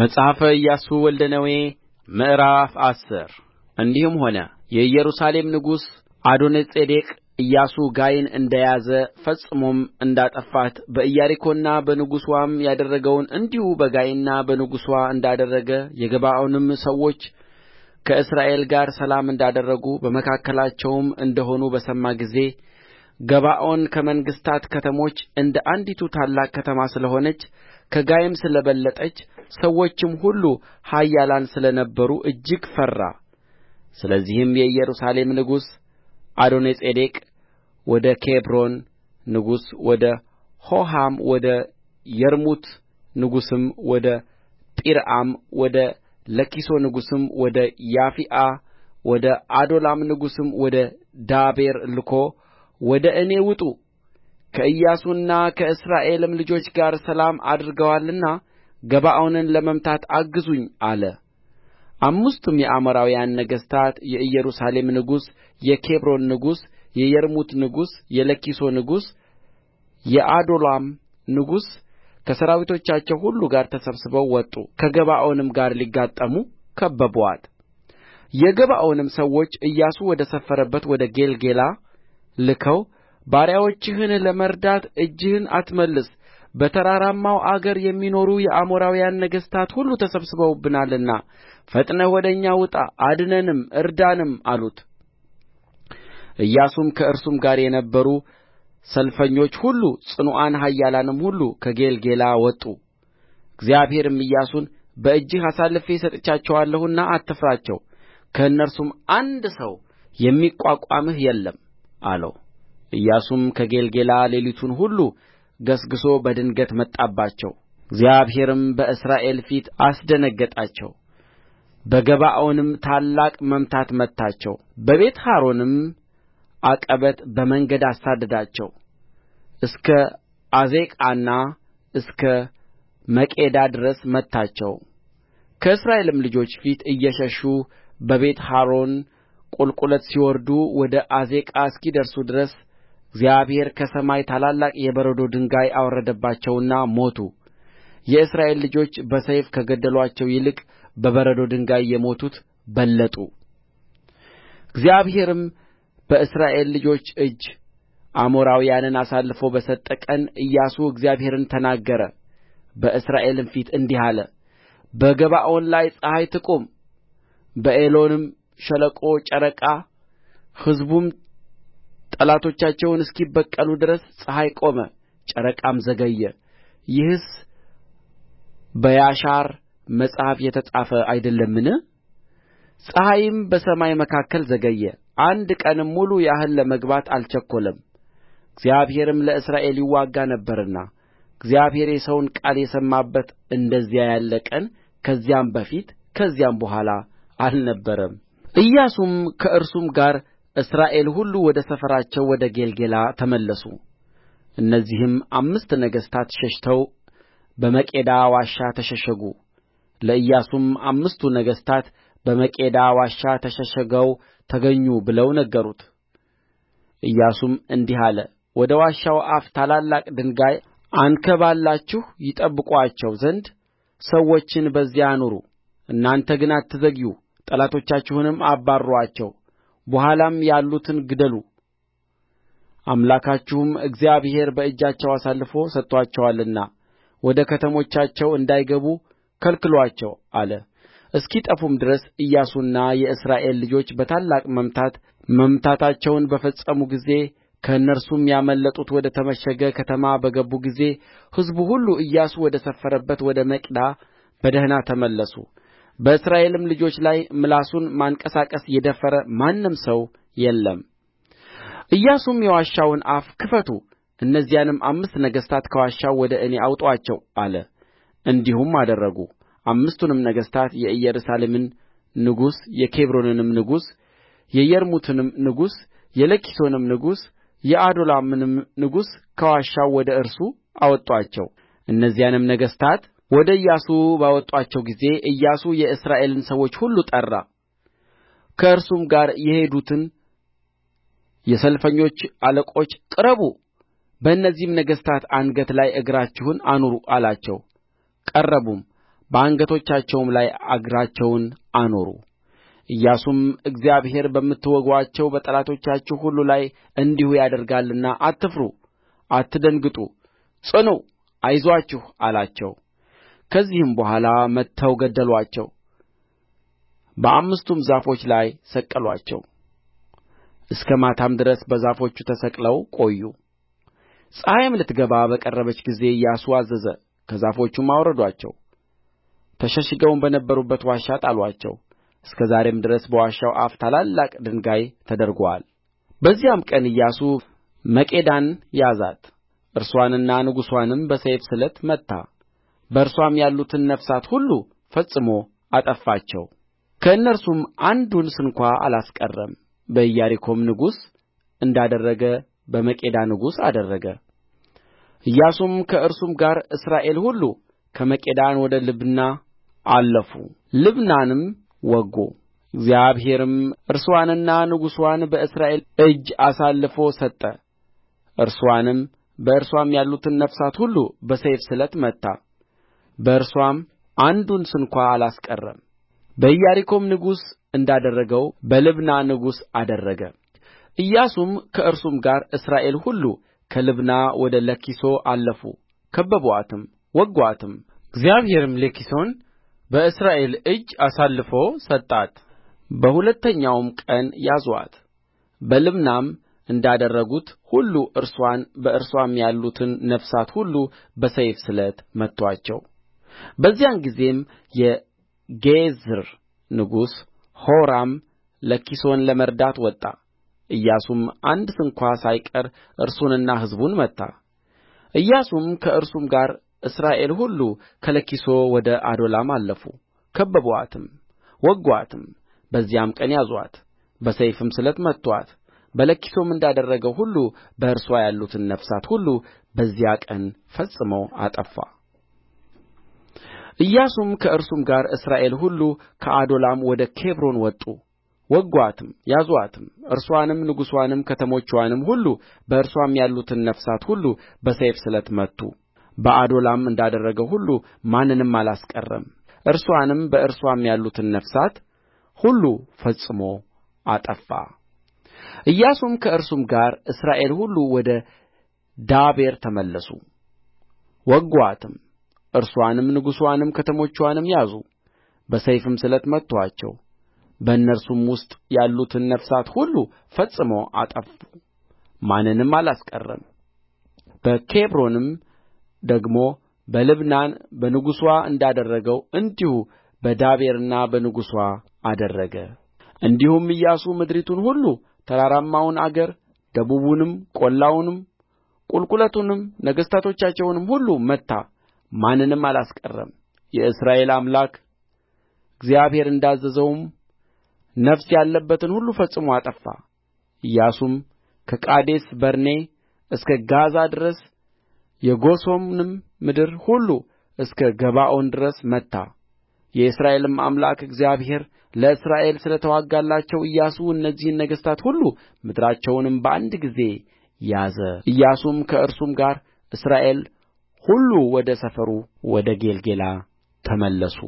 መጽሐፈ ኢያሱ ወልደ ነዌ ምዕራፍ አስር እንዲህም ሆነ የኢየሩሳሌም ንጉሥ አዶኒጼዴቅ ኢያሱ ጋይን እንደ ያዘ ፈጽሞም እንዳጠፋት በኢያሪኮና በንጉሥዋም ያደረገውን እንዲሁ በጋይና በንጉሥዋ እንዳደረገ የገባዖንም ሰዎች ከእስራኤል ጋር ሰላም እንዳደረጉ በመካከላቸውም እንደሆኑ በሰማ ጊዜ ገባዖን ከመንግሥታት ከተሞች እንደ አንዲቱ ታላቅ ከተማ ስለ ሆነች ከጋይም ስለ በለጠች ሰዎችም ሁሉ ኃያላን ስለ ነበሩ እጅግ ፈራ ስለዚህም የኢየሩሳሌም ንጉሥ አዶኒጼዴቅ ወደ ኬብሮን ንጉሥ ወደ ሆሃም ወደ የርሙት ንጉሥም ወደ ጲርአም ወደ ለኪሶ ንጉሥም ወደ ያፊዓ ወደ አዶላም ንጉሥም ወደ ዳቤር ልኮ ወደ እኔ ውጡ ከኢያሱና ከእስራኤልም ልጆች ጋር ሰላም አድርገዋልና ገባዖንን ለመምታት አግዙኝ አለ አምስቱም የአሞራውያን ነገሥታት የኢየሩሳሌም ንጉሥ የኬብሮን ንጉሥ የየርሙት ንጉሥ የለኪሶ ንጉሥ የአዶላም ንጉሥ ከሠራዊቶቻቸው ሁሉ ጋር ተሰብስበው ወጡ ከገባዖንም ጋር ሊጋጠሙ ከበቡአት የገባዖንም ሰዎች ኢያሱ ወደ ሰፈረበት ወደ ጌልገላ ልከው ባሪያዎችህን ለመርዳት እጅህን አትመልስ በተራራማው አገር የሚኖሩ የአሞራውያን ነገሥታት ሁሉ ተሰብስበውብናልና ፈጥነህ ወደ እኛ ውጣ አድነንም እርዳንም አሉት ኢያሱም ከእርሱም ጋር የነበሩ ሰልፈኞች ሁሉ ጽኑዓን ኃያላንም ሁሉ ከጌልገላ ወጡ እግዚአብሔርም ኢያሱን በእጅህ አሳልፌ ሰጥቻቸዋለሁና አትፍራቸው ከእነርሱም አንድ ሰው የሚቋቋምህ የለም አለው ኢያሱም ከጌልገላ ሌሊቱን ሁሉ ገስግሶ በድንገት መጣባቸው እግዚአብሔርም በእስራኤል ፊት አስደነገጣቸው በገባዖንም ታላቅ መምታት መታቸው በቤትሖሮንም ዐቀበት በመንገድ አሳደዳቸው እስከ ዓዜቃና እስከ መቄዳ ድረስ መታቸው ከእስራኤልም ልጆች ፊት እየሸሹ በቤትሖሮን ቍልቍለት ሲወርዱ ወደ ዓዜቃ እስኪደርሱ ድረስ እግዚአብሔር ከሰማይ ታላላቅ የበረዶ ድንጋይ አወረደባቸውና ሞቱ። የእስራኤል ልጆች በሰይፍ ከገደሉአቸው ይልቅ በበረዶ ድንጋይ የሞቱት በለጡ። እግዚአብሔርም በእስራኤል ልጆች እጅ አሞራውያንን አሳልፎ በሰጠ ቀን ኢያሱ እግዚአብሔርን ተናገረ፣ በእስራኤልም ፊት እንዲህ አለ። በገባዖን ላይ ፀሐይ ትቁም፣ በኤሎንም ሸለቆ ጨረቃ፣ ሕዝቡም ጠላቶቻቸውን እስኪበቀሉ ድረስ ፀሐይ ቆመ ጨረቃም ዘገየ ይህስ በያሻር መጽሐፍ የተጻፈ አይደለምን ፀሐይም በሰማይ መካከል ዘገየ አንድ ቀንም ሙሉ ያህል ለመግባት አልቸኰለም እግዚአብሔርም ለእስራኤል ይዋጋ ነበርና እግዚአብሔር የሰውን ቃል የሰማበት እንደዚያ ያለ ቀን ከዚያም በፊት ከዚያም በኋላ አልነበረም ኢያሱም ከእርሱም ጋር እስራኤል ሁሉ ወደ ሰፈራቸው ወደ ጌልገላ ተመለሱ እነዚህም አምስት ነገሥታት ሸሽተው በመቄዳ ዋሻ ተሸሸጉ ለኢያሱም አምስቱ ነገሥታት በመቄዳ ዋሻ ተሸሽገው ተገኙ ብለው ነገሩት ኢያሱም እንዲህ አለ ወደ ዋሻው አፍ ታላላቅ ድንጋይ አንከባልላችሁ ይጠብቁአቸው ዘንድ ሰዎችን በዚያ አኑሩ እናንተ ግን አትዘግዩ ጠላቶቻችሁንም አባርሩአቸው በኋላም ያሉትን ግደሉ አምላካችሁም እግዚአብሔር በእጃቸው አሳልፎ ሰጥቶአቸዋልና ወደ ከተሞቻቸው እንዳይገቡ ከልክሉአቸው አለ እስኪጠፉም ድረስ ኢያሱና የእስራኤል ልጆች በታላቅ መምታት መምታታቸውን በፈጸሙ ጊዜ ከእነርሱም ያመለጡት ወደ ተመሸገ ከተማ በገቡ ጊዜ ሕዝቡ ሁሉ ኢያሱ ወደ ሰፈረበት ወደ መቄዳ በደኅና ተመለሱ በእስራኤልም ልጆች ላይ ምላሱን ማንቀሳቀስ የደፈረ ማንም ሰው የለም ኢያሱም የዋሻውን አፍ ክፈቱ እነዚያንም አምስት ነገሥታት ከዋሻው ወደ እኔ አውጡአቸው አለ እንዲሁም አደረጉ አምስቱንም ነገሥታት የኢየሩሳሌምን ንጉሥ የኬብሮንንም ንጉሥ የየርሙትንም ንጉሥ የለኪሶንም ንጉሥ የኦዶላምንም ንጉሥ ከዋሻው ወደ እርሱ አወጡአቸው እነዚያንም ነገሥታት ወደ ኢያሱ ባወጡአቸው ጊዜ ኢያሱ የእስራኤልን ሰዎች ሁሉ ጠራ ከእርሱም ጋር የሄዱትን የሰልፈኞች አለቆች ቅረቡ በእነዚህም ነገሥታት አንገት ላይ እግራችሁን አኑሩ አላቸው ቀረቡም በአንገቶቻቸውም ላይ እግራቸውን አኖሩ ኢያሱም እግዚአብሔር በምትወጉአቸው በጠላቶቻችሁ ሁሉ ላይ እንዲሁ ያደርጋልና አትፍሩ አትደንግጡ ጽኑ አይዞአችሁ አላቸው ከዚህም በኋላ መትተው ገደሉአቸው በአምስቱም ዛፎች ላይ ሰቀሉአቸው እስከ ማታም ድረስ በዛፎቹ ተሰቅለው ቆዩ ፀሐይም ልትገባ በቀረበች ጊዜ ኢያሱ አዘዘ ከዛፎቹም አወረዱአቸው ተሸሽገውም በነበሩበት ዋሻ ጣሉአቸው እስከ ዛሬም ድረስ በዋሻው አፍ ታላላቅ ድንጋይ ተደርጎአል በዚያም ቀን ኢያሱ መቄዳን ያዛት እርስዋንና ንጉሥዋንም በሰይፍ ስለት መታ በእርስዋም ያሉትን ነፍሳት ሁሉ ፈጽሞ አጠፋቸው ከእነርሱም አንዱን ስንኳ አላስቀረም በኢያሪኮም ንጉሥ እንዳደረገ በመቄዳ ንጉሥ አደረገ ኢያሱም ከእርሱም ጋር እስራኤል ሁሉ ከመቄዳን ወደ ልብና አለፉ ልብናንም ወጉ እግዚአብሔርም እርስዋንና ንጉሥዋን በእስራኤል እጅ አሳልፎ ሰጠ እርስዋንም በእርስዋም ያሉትን ነፍሳት ሁሉ በሰይፍ ስለት መታ በእርስዋም አንዱን ስንኳ አላስቀረም በኢያሪኮም ንጉሥ እንዳደረገው በልብና ንጉሥ አደረገ ኢያሱም ከእርሱም ጋር እስራኤል ሁሉ ከልብና ወደ ለኪሶ አለፉ ከበቡአትም ወጉአትም እግዚአብሔርም ለኪሶን በእስራኤል እጅ አሳልፎ ሰጣት በሁለተኛውም ቀን ያዙአት በልብናም እንዳደረጉት ሁሉ እርስዋን በእርስዋም ያሉትን ነፍሳት ሁሉ በሰይፍ ስለት መቱአቸው በዚያን ጊዜም የጌዝር ንጉሥ ሆራም ለኪሶን ለመርዳት ወጣ ኢያሱም አንድ ስንኳ ሳይቀር እርሱንና ሕዝቡን መታ ኢያሱም ከእርሱም ጋር እስራኤል ሁሉ ከለኪሶ ወደ ኦዶላም አለፉ ከበቡአትም ወጉአትም በዚያም ቀን ያዙአት በሰይፍም ስለት መቱአት በለኪሶም እንዳደረገው ሁሉ በእርስዋ ያሉትን ነፍሳት ሁሉ በዚያ ቀን ፈጽሞ አጠፋ ኢያሱም ከእርሱም ጋር እስራኤል ሁሉ ከኦዶላም ወደ ኬብሮን ወጡ ወጉአትም ያዙአትም እርስዋንም ንጉሥዋንም ከተሞችዋንም ሁሉ በእርስዋም ያሉትን ነፍሳት ሁሉ በሰይፍ ስለት መቱ በኦዶላም እንዳደረገው ሁሉ ማንንም አላስቀረም እርስዋንም በእርስዋም ያሉትን ነፍሳት ሁሉ ፈጽሞ አጠፋ ኢያሱም ከእርሱም ጋር እስራኤል ሁሉ ወደ ዳቤር ተመለሱ ወጉአትም እርስዋንም ንጉሥዋንም ከተሞችዋንም ያዙ በሰይፍም ስለት መቱአቸው በእነርሱም ውስጥ ያሉትን ነፍሳት ሁሉ ፈጽሞ አጠፉ ማንንም አላስቀረም በኬብሮንም ደግሞ በልብናና በንጉሥዋ እንዳደረገው እንዲሁ በዳቤርና በንጉሥዋ አደረገ እንዲሁም ኢያሱ ምድሪቱን ሁሉ ተራራማውን አገር ደቡቡንም ቈላውንም ቍልቍለቱንም ነገሥታቶቻቸውንም ሁሉ መታ ማንንም አላስቀረም የእስራኤል አምላክ እግዚአብሔር እንዳዘዘውም ነፍስ ያለበትን ሁሉ ፈጽሞ አጠፋ ኢያሱም ከቃዴስ በርኔ እስከ ጋዛ ድረስ የጎሶምንም ምድር ሁሉ እስከ ገባዖን ድረስ መታ የእስራኤልም አምላክ እግዚአብሔር ለእስራኤል ስለ ተዋጋላቸው ኢያሱ እነዚህን ነገሥታት ሁሉ ምድራቸውንም በአንድ ጊዜ ያዘ ኢያሱም ከእርሱም ጋር እስራኤል ሁሉ ወደ ሰፈሩ ወደ ጌልገላ ተመለሱ